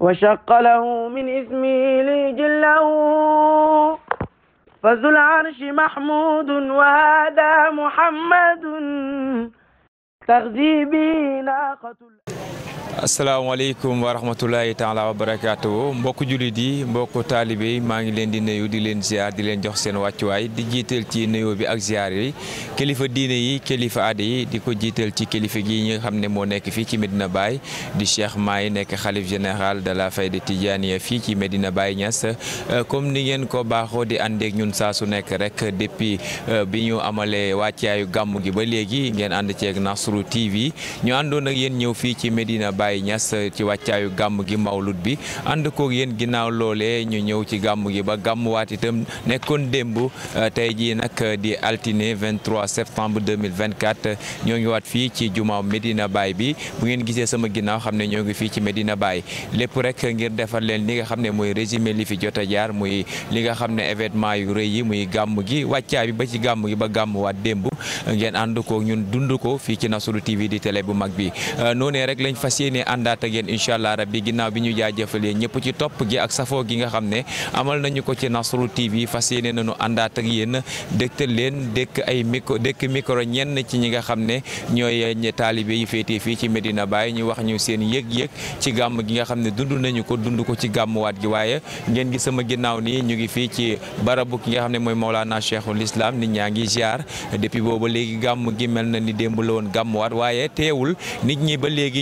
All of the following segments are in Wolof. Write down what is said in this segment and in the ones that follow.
وشق له من اسمه لجله فذو العرش محمود وهذا محمد تغذي به ناقة asalaamaaleykum wa rahmatulahi taala wa barakaatu mbokku jullit yi mbokku taalibe yi maa ngi leen di nuyu di leen ziar di leen jox seen wàccuwaay di jiital ci nuyoo bi ak ziar yi kilifa diine yi kilifa aada yi di ko jiital ci kilifa gi ñi nga xam ne moo nekk fii ci Medina baay di Cheikh Maay nekk xalif général de la Fayda Tijaaniya fii ci Medina Baye Niass euh, comme ni ngeen ko baaxoo di àndeek ñun saa su nekk rek depuis euh, bi ñu amalee wàccaayu gàmm gi ba léegi ngeen ànd ceeg Nasru TV ñu àndoon ak yéen ñëw fii ci Medina Baye Baye Niass ci wàccaayu gàmm gi mawlud bi ànd koog yéen ginnaaw loole ñu ñëw ci gàmm gi ba gàmmuwaat itam nekkoon démb euh, tey jii nag di altine 23 septembre 2024 ñoo ngi waat fii ci jumaa Medina baay bi bu ngeen gisee sama ginnaaw xam ne ñoo ngi fii ci Medina Baye lépp rek ngir defar leen li nga xam ne mooy résumé li fi jot a jaar muy li nga xam ne événement yu rëy yi muy gàmm gi wàccaay bi ba ci gàmm gi ba gàmmuwaat démb ngeen ànd koog ñun dund ko fii ci Nasrou TV di télé bu mag bi euh, yéene àndaat ak yéen incha allah rabbi ginnaaw bi ñu jaajëfalee ñëpp ci topp gi ak safoo gi nga xam ne amal nañu ko ci Nasru TV fas yéene nañu àndaat ak yéen dégtal leen dékk ay micro dëkk micro ñenn ci ñi nga xam ne ñooy taalibe yi féetee fii ci Medina Baye ñu wax ñu seen yëg-yëg ci gàmm gi nga xam ne dund nañu ko dund ko ci gàmmuwaat gi waaye ngeen gi sama ginnaaw nii ñu ngi fii ci barabu ki nga xam ne mooy Mawlana Cheikhul Islam nit ñaa ngi ziar depuis boobu léegi gàmm gi mel na ni démb la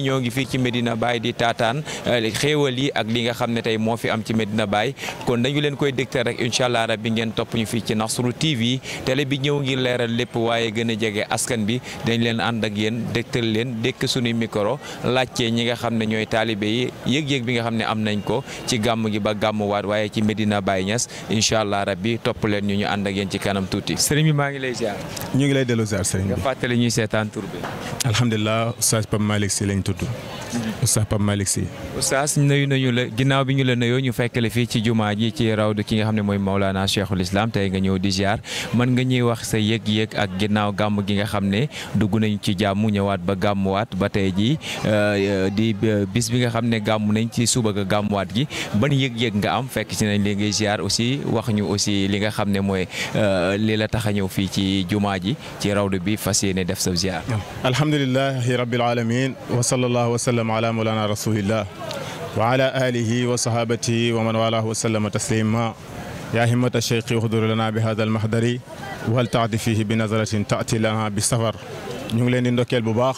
woon ci Medina Baye di taataan euh, xéewal yi ak li nga xam ne tey moo fi am ci Medina Baye kon dañu leen koy dégtal rek incha allah rabbi ngeen topp ñu fii ci nax Nasru TV télé bi ñëw ngi leeral lépp waaye gën a jege askan bi dañ leen ànd ak yéen dégtal leen dékk suñuy micro laajtee ñi nga xam ne ñooy taalibe yi yëg-yëg bi nga xam ne am nañ ko ci gàmm gi ba gàmmuwaat waaye ci Medina Baye ñas incha allah rabbi topp leen ñu ñu ànd ak yéen ci kanam tuuti. sëriñ bi maa ngi lay ziar. ñu ngi lay delloo ziar sëriñ bi. nga fàttali ñuy seetaan tur bi. alhamdulilah lañ tudd. Oustaz Pape Malick Sy. Oustaz nuyu nañu la ginnaaw bi ñu la nuyoo ñu fekkale fii ci jumaa ji ki nga xam ne mooy Maulana Cheikhul Islam nga di ziar mën nga ñuy wax sa yëg-yëg ak ginnaaw gàmm gi nga xam ne dugg nañu ci jàmm ñëwaat ba gàmmuwaat ba tey jii euh, di euh, bis bi nga xam ne gàmm nañ ci suba gàmmuwaat gi ban yëg-yëg nga am fekk ci nañ li aussi wax ñu aussi li nga xam ne mooy euh, li la tax a ñëw fii ci jumaa ji ci rawdu bi fas yéene def sa ziar. alhamdulilah rabbil alamin wasallam ala mawlana rasulillah wa ala alihi wa sahabatihi wa man walahu wa sallama taslima yaa himmata cheikhi uxdur lana bi hada almahdari wal taati fihi bi nazaratin taati lana bi safar ñu ngi leen di ndokkeel bu baax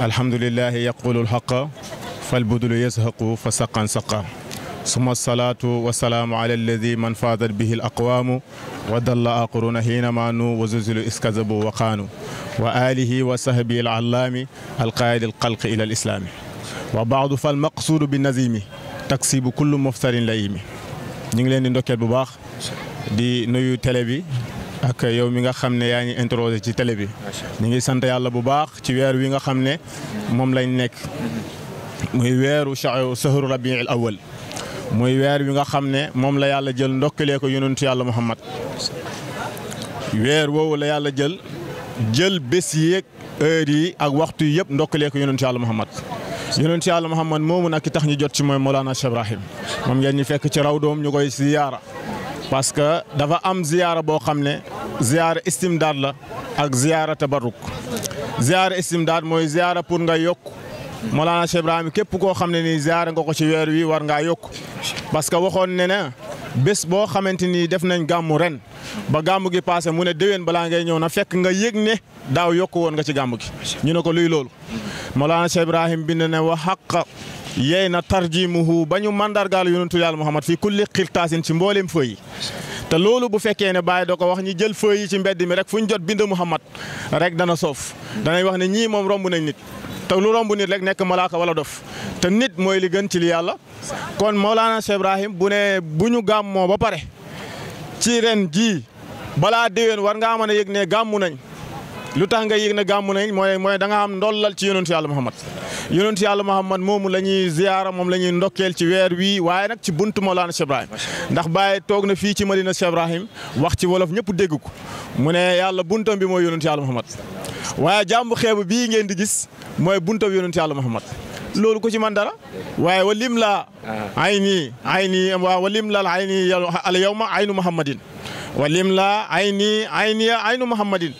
alhamdulilahi yaqulu alxaqa falbudulu yashaqu fa saqan saqa suma salaatu wa salaamu ala alladi man faadat bihi al aqwaamu wa dalla aqruna hiinamaanu wa zulzilu iskazabu wa qaanu wa alihi wa sahbihi al allaami alqaayidi alxalqi ila al islaami wa baadu fal maqsuudu bi mi nazimi taksibu kullu muftarin mi ñu ngi leen di ndokkeel bu baax di nuyu télé bi ak yow mi nga xam ne yaa ngi introsé ci tele bi ñu ngi sant yàlla bu baax ci weer wi nga xam ne moom lañ nekk muy weeru sahru rabiul awal muy weer wi nga xam ne moom la yàlla jël ndokkalee ko yonentu yàlla muhammad weer woowu la yàlla jël jël bés yeeg heure yi ak waxtu yëpp ndokkalee ko yonentu yàlla muhammad yonent yàlla Muhammad moomu nag ki tax ñu jot ci mooy Mawlana Cheikh Ibrahim moom ngeen ñu fekk ci raw doom ñu koy ziyaara parce que dafa am ziyaara boo xam ne ziyaara istimdaad la ak ziyaara tabarruk ziyaara istimdaad mooy ziyaara pour nga yokk Mawlana Cheikh Ibrahim képp koo xam ne nii ziyaara nga ko ci weer wi war ngaa yokk parce que ne na bés boo xamante ni def nañ gàmmu ren ba gàmmu gi passé mu ne déwén balaa ngay ñëw na fekk nga yëg ne daaw yokk woon nga ci gàmmu gi ñu ne ko luy loolu Mawlana Cheikh Ibrahim bind ne wa xaq yey na tarjimuhu ba ñu mandargaal yonentu yàlla Muhammad fii kulli xirtaasin ci mboolem feu yi te loolu bu fekkee ne Baye da ko wax ñi jël feu yi ci mbedd mi rek fu ñu jot bind Muhammad rek dana soof. danay wax ne ñii moom romb nañ nit. te lu romb nit rek nekk malaaka wala dof te nit mooy li gën ci li yàlla kon Maulana Cheikh Ibrahim bu ne bu ñu gàmmoo ba pare ci ren jii balaa déwén war ngaa mën a yëg ne gàmmu nañ. lu tax nga yëg na gàmmu mooy mooy da nga am ndollal ci yonentu yàlla Muhammad yonentu yàlla Muhammad moomu la ñuy ziyaara moom la ñuy ndokkeel ci weer wii waaye nag ci buntu Mawlana Cheikh Ibrahim ndax Baye toog na fii ci Madina Cheikh Ibrahim wax ci wolof ñëpp dégg ko mu ne yàlla buntam bi mooy yonentu yàlla Muhammad waaye jàmbu xeebu bii ngeen di gis mooy buntam yonentu yàlla Muhammad loolu ko ci man dara waaye walim la ah. ayni ayni waa walim la ayni al yawma aynu Muhammadin walim la ayni ayni aynu muhammadin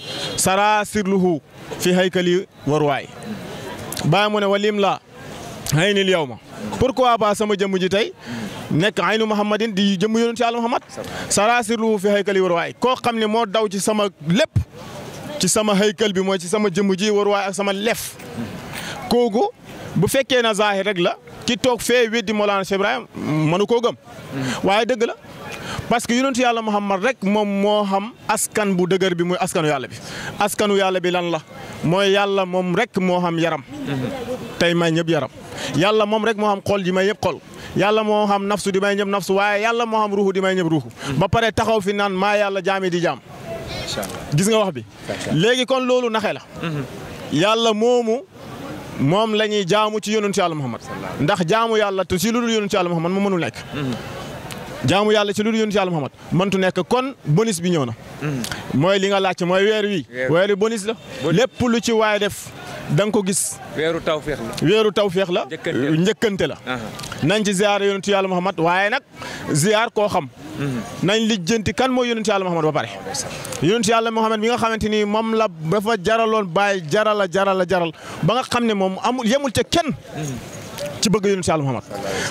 sara sirluhu fi haykali warwaay bàyyi mu ne walim la aynil yawma pourquoi ba sama jëmm ji tey nekk ay aynu muhammadin di jëmm yonent yàlla muhammad sara sirluhu fi haykali warwaay koo xam ne moo daw ci sama lépp ci sama haykal bi mooy ci sama jëmm ji warwaay ak sama lef kooku bu fekkee na zaahir rek la ki toog fee weddi Mawlana Cheikh Ibrahima mënu koo gëm. waaye dëgg la parce que yonentu yàlla moo xam man rek moom moo xam askan bu dëgër bi muy askanu yàlla bi. askanu yàlla bi lan la mooy yàlla moom rek moo xam yaram. tey may ñëpp yaram yàlla moom rek moo xam xol ji may ñëpp xol. yàlla moo xam nafsu di may ñëpp nafsu waaye yàlla moo xam ruuxu di may ñëpp ruuxu. ba pare taxaw fi naan maa yàlla jaami di jaam. gis nga wax bi. léegi kon loolu naxe la. Mm-hmm. yàlla moomu. moom la ñuy jaamu ci yonentu yàlla Muhammad ndax jaamu yàlla te si lu dul yonentu yàlla Muhammad moom mënul nekk. jaamu yàlla ci lu dul yonentu yàlla Muhammad tu nekk kon bonus bi ñëw na. mooy li nga laajte mooy weer wi. weer wi bonus la lépp lu ci waay def. da ko gis. weeru tawféex la. weeru tawféex la. njëkkante la njëkkante la. nañ ci ziare yonentu yàlla Muhammad waaye nag. ziar koo xam. Mm-hmm. nañ lijjanti kan mooy yonent yàlla Muhammad ba pare. yonent yàlla Muhammad mi nga xamante ni moom la dafa jaraloon bàyyi jarala jarala jaral ba nga xam ne moom amul yemul ca kenn. Mm-hmm. ci bëgg yonent yàlla Muhammad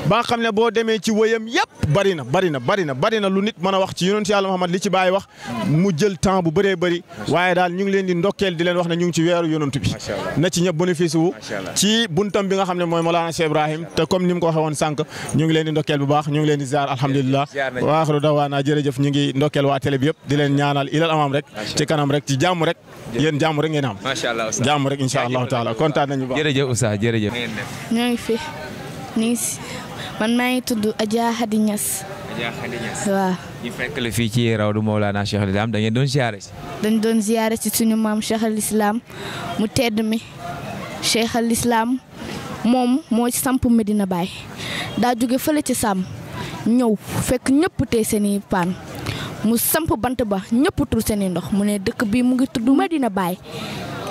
ba nga xam ne boo demee ci wëyam yëpp bari na bari na lu nit mën a wax ci yonent yàlla Muhammad li ci bàyyi wax mu jël temps bu bëree waaye daal ñu ngi leen di ndokkeel di leen wax ne ñu ngi ci weeru yonent bi na ci ñëpp bénéfice wu ci buntam bi nga xam ne mooy Mawlana Cheikh Ibrahim te comme ni mu ko waxee woon sànq leen di ndokkeel bu baax ñu leen di ziar alhamdulilah wa dawaana jërëjëf ñu ngi ndokkeel waa jàmm rek yéen jàmm rek ngeen am jàmm rek incha allahu taala kontaan si man maa ngi tudd Adja Khady Niass. Adja waaw. ñu fekk la fii ci rawdu Mawlana Cheikh al Islam da ngeen doon ziare dañ doon ziare si suñu maam Cheikh al mu tedd mi Cheikh al moom moo samp Medina Baye daa jóge fale ci sàmm ñëw fekk ñëpp tey seeni paan mu samp bant ba ñëpp tur seeni ndox mu ne dëkk bi mu ngi tudd Medina Baye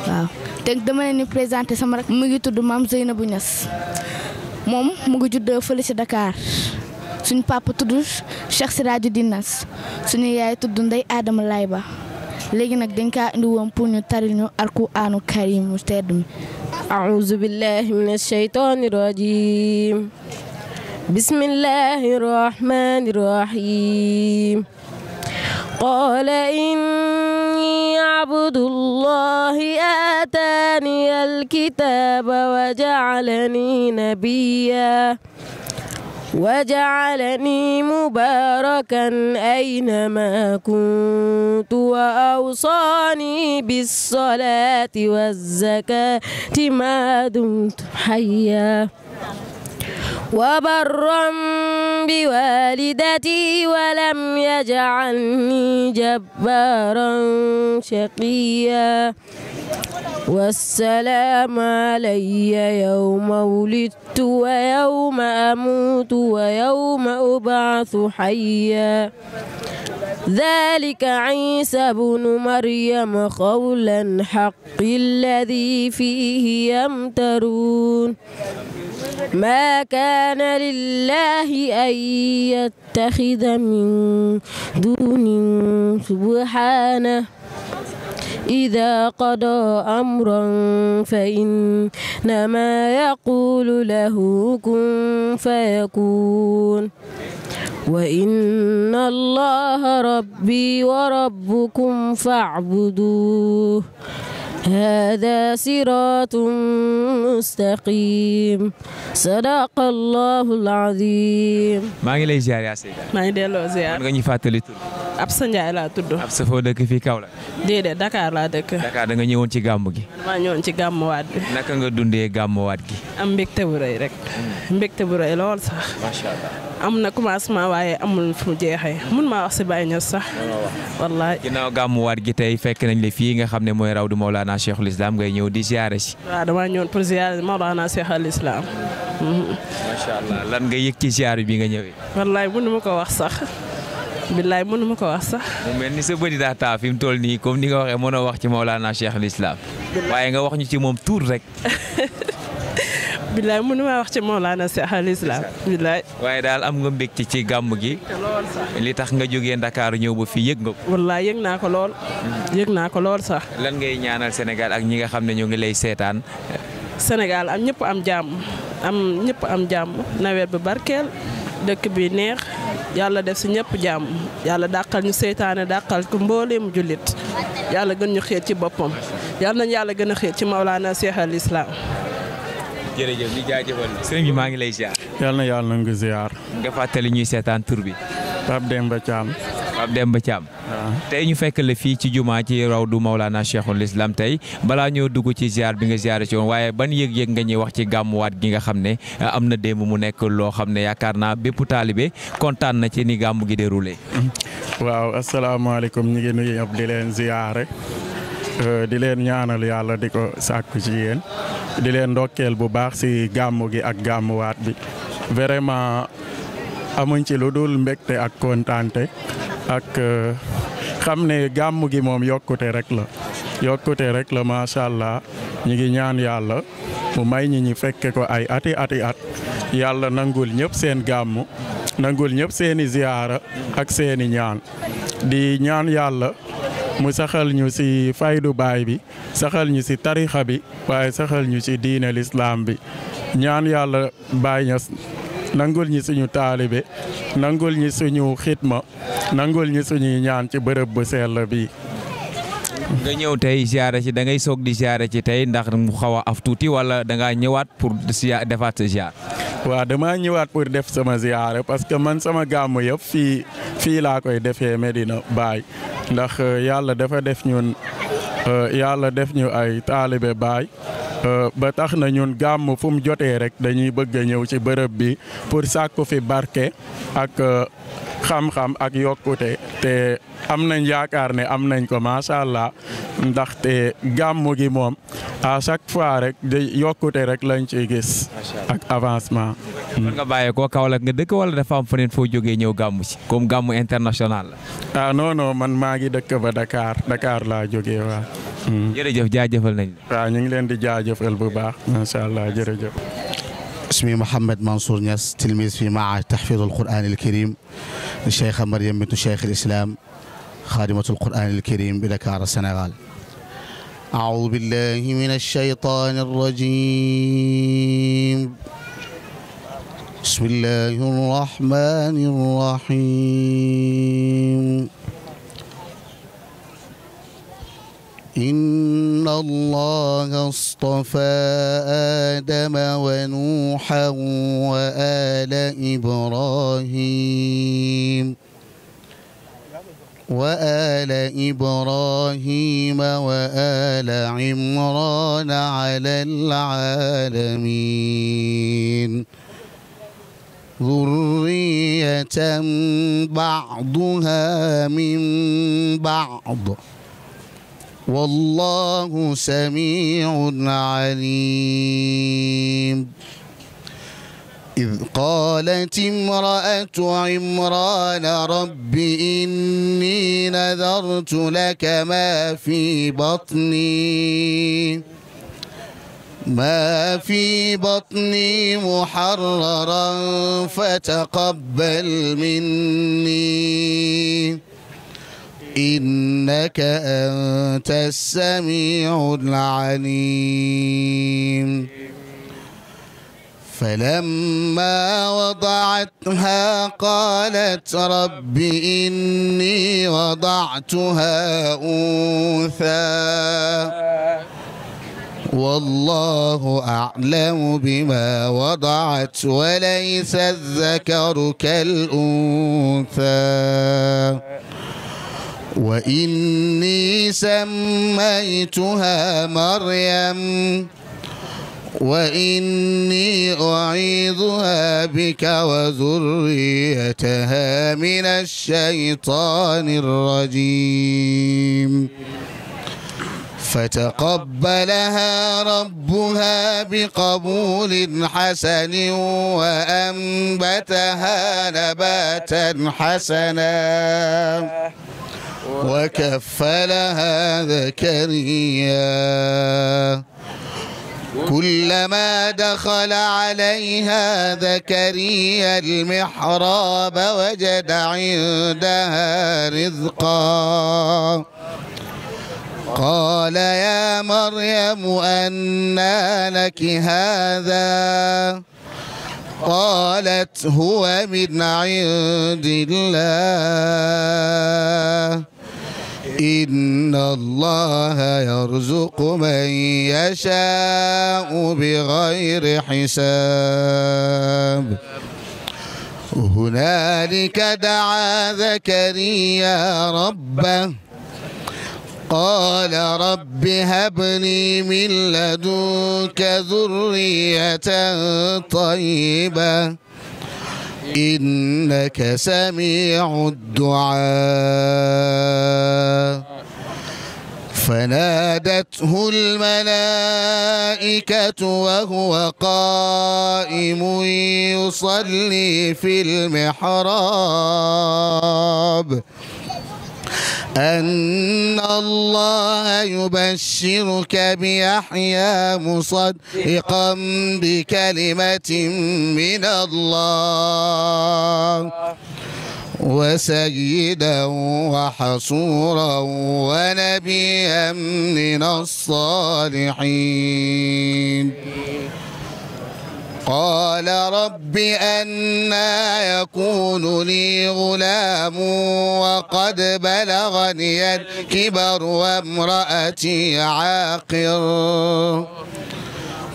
waaw te dama leen ni présenté sama rek mu ngi tudd maam Zeynabou ñas moom mu ngi juddoo fële ci Dakar suñu papa tudd Cheikh Siraju Dinas suñu yaay tudd Ndey Adama Lay Ba léegi nag dañ kaa indi woon pour ñu taril ñu alquraanu mu tedd mi a'uuzu billahi mina shaytaani rajiim bismillahi rahmaani rahiim qaala عبد الله آتاني الكتاب وجعلني نبيا وجعلني مباركا أينما كنت وأوصاني بالصلاة والزكاة ما دمت حيا وبرا بوالدتي ولم يجعلني جبارا شقيا والسلام علي يوم ولدت ويوم أموت ويوم أبعث حيا ذلك عيسى بن مريم قولا حق الذي فيه يمترون ما كان لله أن يتخذ من دون سبحانه إذا قضى أمرا فإنما يقول له كن فيكون وإن الله ربي وربكم فاعبدوه هذا صراط مستقيم صدق الله العظيم maa ngi lay ziar yaa Seyda. maa ngi delloo ziar. nga ñu fàttali tur. Absa Ndiaye laa tudd. Absa foo dëkk fii Kaolack. déedéet Dakar laa dëkk. Dakar da nga ñëwoon ci gàmm gi. maa ñëwoon ci gàmmuwaat bi. naka nga dundee gàmmuwaat gi. am mbégte bu rëy rek. Hmm. mbégte bu rëy lool sax. macha allah am na commencement waaye amul fu jeexee mun maa wax si Baye Niass sax. wallaay ginnaaw gàmmuwaat gi tey fekk nañ la fii nga xam ne mooy Rawdu Mawlana Mawlana Cheikhul Islam ngay ñëw di ziare si. waaw damaa ñëwoon pour ziare Mawlana mhm. allah lan nga yëg ci ziare bi nga ñëwee. wallaay mënu ma ko wax sax. billaay mënu ma ko wax sax. mu mel ni sa bëri daa fi mu tol ni comme ni nga waxee mënoo wax ci Mawlana Cheikhul Islam. waaye nga wax ñu ci moom tuur rek. billaay mënu maa wax ci Mawlana Seex al Islaam billaay waaye daal am nga mbégte ci gàmm gi li tax nga jógee Ndakaaru ñëw ba fii yëg nga ko wallaay yëg naa ko lool mhm. yëg naa ko lool sax lan ngay ñaanal senegal ak ñi nga xam ne ñoo ngi lay seetaan Sénégal am ñëpp am jàmm am ñëpp am jàmm nawet bu barkeel dëkk bi neex yàlla def si ñëpp jàmm yàlla dàqal ñu seytaane dàqal ko mbooleem jullit yàlla gën ñu xeet ci boppam yàlla nañ yàlla gën a xeet ci Mawlana Seex al jërëjëf ñu jaajëfal la. sëriñ bi maa ngi lay ziar. yal na yàlla nangu ziar. nga fàttali ñuy seetaan tur bi. Pape Demba Thiam. Pape Demba Thiam. waaw tey ñu fekk la fii ci jumaa ci raw du rawdu Maulana Cheikhul Islam tey balaa ñoo dugg ci ziar bi nga ziare ci woon waaye ban yëg-yëg nga ñuy wax ci gàmmuwaat gi nga xam ne eh, am na démb mu nekk loo xam ne yaakaar naa bépp taalibe kontaan na ci ni gàmmu gi déroulé. waaw asalaamaaleykum ñu ngi nuyu ñëpp di leen Euh, di leen ñaanal yàlla di ko sàkku ci yéen di leen ndokkeel bu baax si gàmmu gi ak gàmmuwaat bi vraiment amuñ ci lu dul mbégte ak kontaante ak euh, xam ne gàmmu gi moom yokkute rek la yokkute rek la macha allah ñu ngi ñaan yàlla mu may ñi ñi fekke ko ay ati ati at yàlla nangul ñëpp seen gàmmu nangul ñëpp seeni ziyaara ak seeni ñaan di ñaan yàlla mu saxal ñu ci faydu baay bi saxal ñu ci tarixa bi waaye saxal ñu ci diine lislaam bi ñaan yàlla Baay Ñas nangul ñi suñu taalibe nangul ñi suñu xitma nangul ñi suñuy ñaan ci bërëb bu sell bi nga ñëw tey ziare ci dangay ngay soog di ziare ci tey ndax mu xaw a af tuuti wala da ñëwaat pour defaat sa ziar. waaw damaa ñëwaat pour def sama ziyaare parce que man sama gàmmu yëpp fii fii laa koy defee Medina Baay ndax euh, yàlla dafa def ñun euh, yàlla def ñu ay taalibe Baay euh, ba tax na ñun gàmm fu mu jotee rek dañuy bëgg a ñëw ci bërëb bi pour sàkku fi barke ak xam-xam ak yokkute te am nañ yaakaar ne am nañ ko macha allah ndaxte gàmmu gi moom a chaque fois rek de yokkute rek lañ ciy gis. ak avancement. kon nga hmm. bàyyee koo Kaolack nga dëkk wala dafa am feneen foo jógee ñëw gàmmu si comme gàmmu international la. ah man maa ngi dëkk ba Dakar Dakar laa jógee waa. Hmm. jërëjëf jaajëfal nañ waaw ñu ngi leen di jaajëfal bu baax macha allah jërëjëf. ismi Mouhamed Mansour Niass tilmis fi maa tahfidul Qur'aan al-Kariim Cheikh Mariam bintu Cheikh al-Islam xaadimatul Qur'aanil kariim bi Dakar Sénégal. أعوذ بالله من الشيطان الرجيم بسم الله الرحمن الرحيم إن الله اصطفى آدم ونوحا وآل إبراهيم وآل إبراهيم وآل عمران على العالمين ذرية بعضها من بعض والله سميع عليم إذ قالت امرأة عمران رب إني نذرت لك ما في بطني ما في بطني محررا فتقبل مني إنك أنت السميع العليم فلما وضعتها قالت رب إني وضعتها أنثى والله أعلم بما وضعت وليس الذكر كالأنثى وإني سميتها مريم وإني أعيذها بك وذريتها من الشيطان الرجيم فتقبلها ربها بقبول حسن وأنبتها نباتا حسنا وكفلها زكريا كلما دخل عليها زكريا المحراب وجد عندها رزقا قال يا مريم أنى لك هذا قالت هو من عند الله إن الله يرزق من يشاء بغير حساب هنالك دعا زكريا ربه قال رب هب لي من لدنك ذرية طيبة إنك سميع الدعاء فنادته الملائكة وهو قائم يصلي في المحراب أن الله يبشرك بيحيى مصدقا بكلمة من الله وسيدا وحصورا ونبيا من الصالحين قال رب أنا يكون لي غلام وقد بلغني الكبر وامرأتي عاقر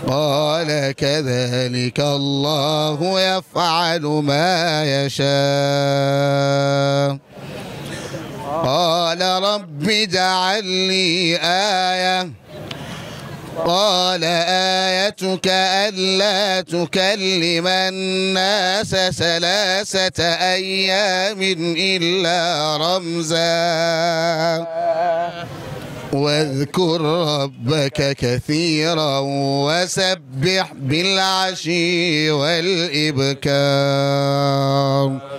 قال كذلك الله يفعل ما يشاء قال رب اجعل لي آية قال آيتك ألا تكلم الناس ثلاثة أيام إلا رمزا واذكر ربك كثيرا وسبح بالعشي والإبكار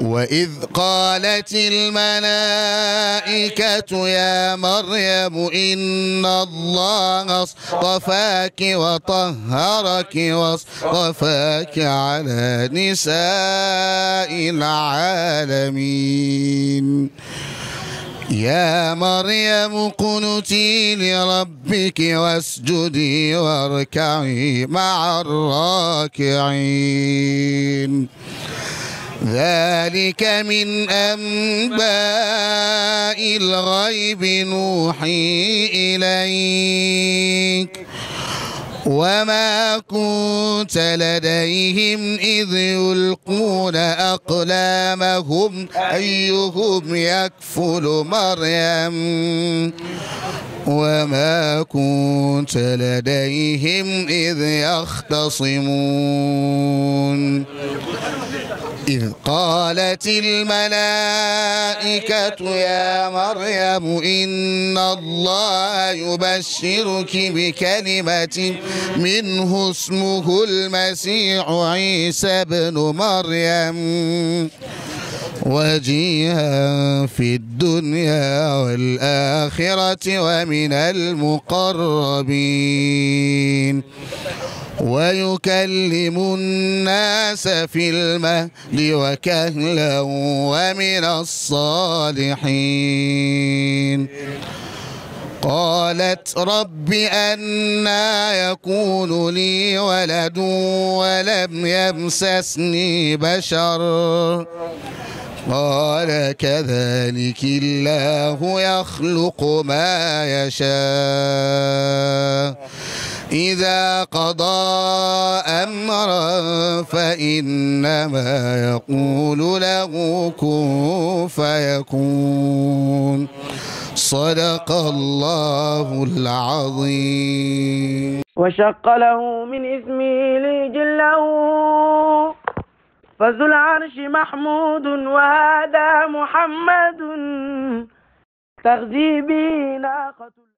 وإذ قالت الملائكة يا مريم إن الله اصطفاك وطهرك واصطفاك على نساء العالمين يا مريم قنتي لربك واسجدي واركعي مع الراكعين ذلك من أنباء الغيب نوحي إليك وما كنت لديهم إذ يلقون أقلامهم أيهم يكفل مريم وما كنت لديهم إذ يختصمون إذ قالت الملائكة يا مريم إن الله يبشرك بكلمة منه اسمه المسيح عيسى بن مريم وجيها في الدنيا والآخرة ومن المقربين ويكلم الناس في المهد وكهلا ومن الصالحين قالت رب أنا يكون لي ولد ولم يمسسني بشر قال كذلك الله يخلق ما يشاء إذا قضى أمرا فإنما يقول له كن فيكون صدق الله العظيم وشق له من اسمه لجله فذو العرش محمود وهذا محمد تغذي به ناقة